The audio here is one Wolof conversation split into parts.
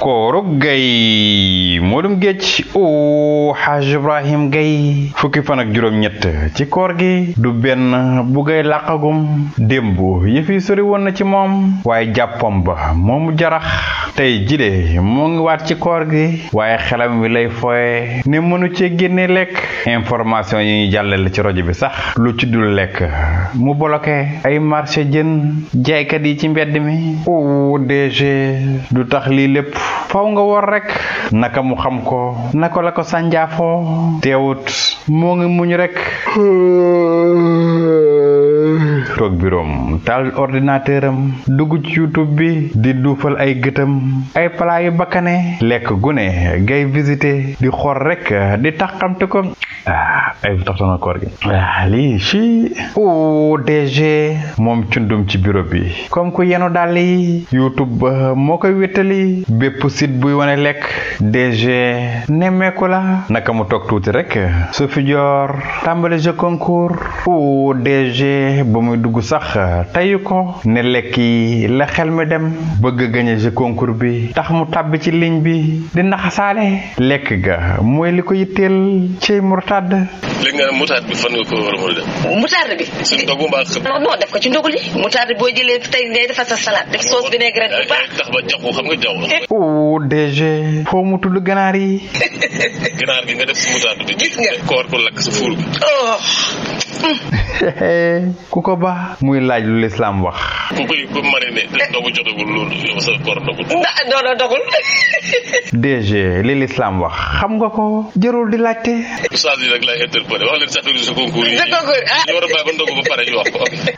kooru gay moolum géej o xaaj ibrahim gay fukki fan ak juróom-ñett ci koor gi du benn bu gay làqagum démb yëf yi sori woon na ci moom waaye jàppam ba moomu jarax tey jile mu ngi waat ci koor gi waaye xelam wi lay fooye ne mënu ci génne lekk information yi ñuy jàllale ci rajo bi sax lu ci dul lekk mu boloke ay marché jën jaaykat yi ci mbedd mi o DG du tax lii lépp faw nga wor rek naka mu xam ko naka la ko sànjaafoo teewut moo ngi muñ rek micro ak biroom taal ordinateur am dugg ci youtube bi di duufal ay gëtam ay palaa yu bakkane lekk gune gay visité di xor rek di taxamte ko ah ay taxtana koor gi ah lii ci o DG moom cundum ci bureau bi comme ku yenu dàll yi youtube ba moo koy wéttali bépp site buy wane lekk DG nemmeeku la naka mu toog tuuti rek su fi tàmbali jeu concours o DG ba muy dugg sax euh, teyu ko ne lekk yi la xel mi dem bëgg gañe ci concours bi tax mu tàbb ci ligne bi di naxasaale lekk ga mooy li ko yitteel ci murtad léegi nga a a def. mutaat bi. si ko ci ndogu li. mutaat boo jëlee tey ngay defar sa salade. def sauce vinaigrette bu baax. nga jaxu. oh DG. foo mu tudd ganaar yi. ganaar gi nga def si mutaat bi. gis nga ko war ko lakk sa fuur bi. oh. ku ko baax. baax muy laaj lu lislaam wax. ku li lislaam wax xam nga ko jërul di laajte. oustaz yi rek ah.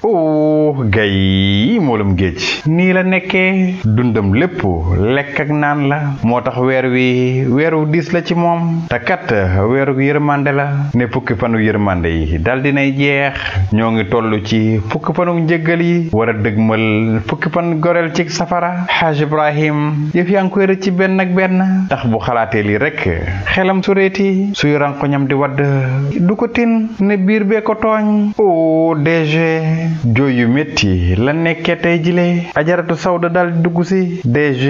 oh, géej. nii la nekkee dundam lépp lekk ak naan la moo tax weer wi weeru diis la ci moom te kat weeru yërmande la ne fukki fanu yërmande yi dal dinay jeex ñoo ngi toll ci fukk fanu njëggal yi war a dëgmal fukki fan goreel ci safara xaaj ibrahim yëf yaa ngi koy rëcc benn ak benn ndax bu xalaatee lii rek xelam su réeti suy ñam di wadd du ko tin ne biir bee ko tooñ o DG jooy yu métti la nekkee tey jile ajaratu sawda dal di dugg si DG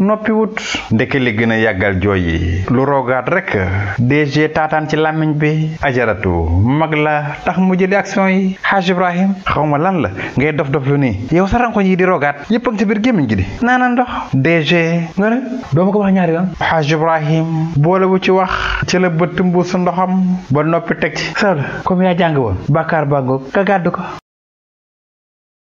noppi wut ndeke li gën a yàggal jooy yi lu roogaat rek DG taataan ci làmmiñ bi ajaratu mag la tax mu jëli action yi xaaj ibrahim xaw ma lan la ngay dof dof lu nii yow sa rankoñ yi di rogaat yëpp ak biir gémmiñ gi di naana ndox DG nga ne doo ma ko wax ñaar yoon Haj Ibrahim boole bu ci wax ci la bëtt mbuus ndoxam ba noppi teg ci sala comme yaa jàng woon bàkkaar nga gàddu ko